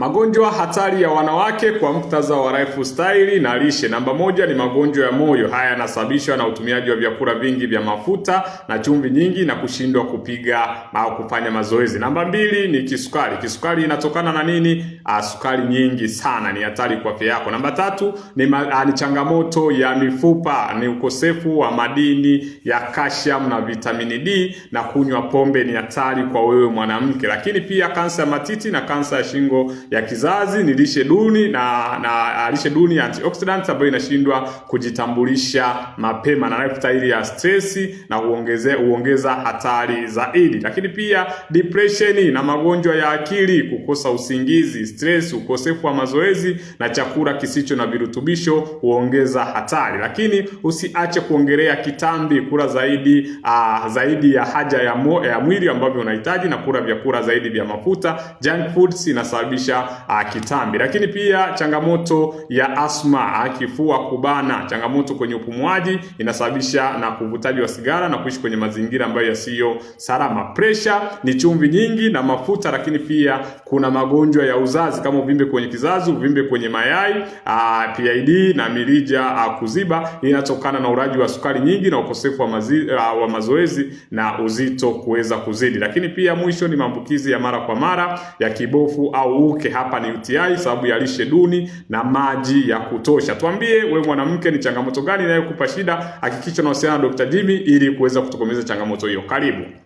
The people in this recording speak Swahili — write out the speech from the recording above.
Magonjwa hatari ya wanawake kwa muktadha wa lifestyle na lishe. Namba moja ni magonjwa ya moyo. Haya yanasababishwa na utumiaji wa vyakula vingi vya mafuta na chumvi nyingi na kushindwa kupiga au kufanya mazoezi. Namba mbili ni kisukari. Kisukari inatokana na nini? A, ah, sukari nyingi sana ni hatari kwa afya yako. Namba tatu ni, ma, a, ah, ni changamoto ya mifupa, ni ukosefu wa madini ya calcium na vitamini D na kunywa pombe ni hatari kwa wewe mwanamke. Lakini pia kansa ya matiti na kansa ya shingo ya kizazi ni lishe duni na, na ah, lishe duni ya antioxidants ambayo inashindwa kujitambulisha mapema na lifestyle ya stress na uongeze, huongeza hatari zaidi. Lakini pia depression na magonjwa ya akili, kukosa usingizi, stress, ukosefu wa mazoezi na chakula kisicho na virutubisho huongeza hatari. Lakini usiache kuongelea kitambi, kula zaidi uh, zaidi ya haja ya, mo, ya mwili ambavyo unahitaji na kula vyakula zaidi vya mafuta. Junk foods inasababisha kusababisha akitambi. Ah, lakini pia changamoto ya asma, ah, kifua kubana, changamoto kwenye upumuaji inasababisha na kuvutaji wa sigara na kuishi kwenye mazingira ambayo yasiyo salama. Presha ni chumvi nyingi na mafuta, lakini pia kuna magonjwa ya uzazi kama uvimbe kwenye kizazi, uvimbe kwenye mayai, ah, PID na mirija kuziba, inatokana na uraji wa sukari nyingi na ukosefu wa, mazi, wa mazoezi na uzito kuweza kuzidi. Lakini pia mwisho ni maambukizi ya mara kwa mara ya kibofu au uke mwanamke hapa ni UTI sababu ya lishe duni na maji ya kutosha. Tuambie wewe mwanamke, ni changamoto gani inayokupa shida? Hakikisha unawasiliana na Dr. Jimmy ili kuweza kutokomeza changamoto hiyo. Karibu.